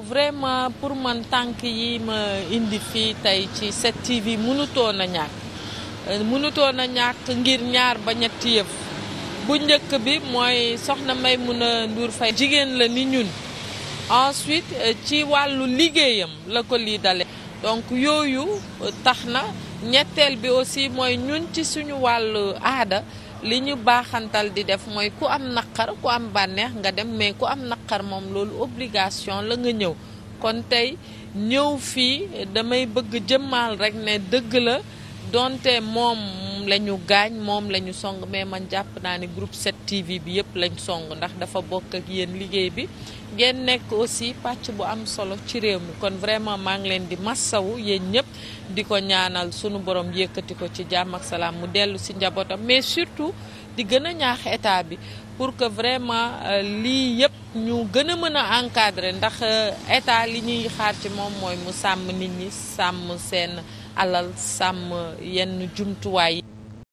vraiment pour man tànk yi ma indi fii tey ci 7TV mënutoon na ñàkk euh, mënutoon na ñàkk ngir ñaar ba ñetti yëf bu njëkk bi mooy soxna Maimouna Ndour fa jigéen la ni ñun ensuite euh, ci wàllu liggéeyam la ko lii dale donc yooyu euh, tax na ñetteel bi aussi mooy ñun ci suñu wàllu aada li ñu baaxantal di def mooy ku am naqar ku am bànneex nga dem mais ku am naqar moom loolu obligation la nga ñëw kon tey ñëw fii damay bëgg jëmmaal rek ne dëgg la doonte moom moom la ñu gaañ moom la ñu song mais man jàpp naa ne groupe 7 TV bi yëpp lañ song ndax dafa bokk ak yéen liggéey bi ngeen nekk aussi pàcc bu am solo ci réew mi kon vraiment maa ngi leen di massawu yéen ñëpp di ko ñaanal sunu borom yëkkati ko ci jàmm ak salaam mu dellu si njabootam surtout di gën a ñaax état bi pour que vraiment euh, lii yëpp ñu gën a mën a encadrer ndax euh, état li ñuy xaar ci moom mooy mu sàmm nit ñi sàmm seen alal sàmm yenn jumtuwaay yi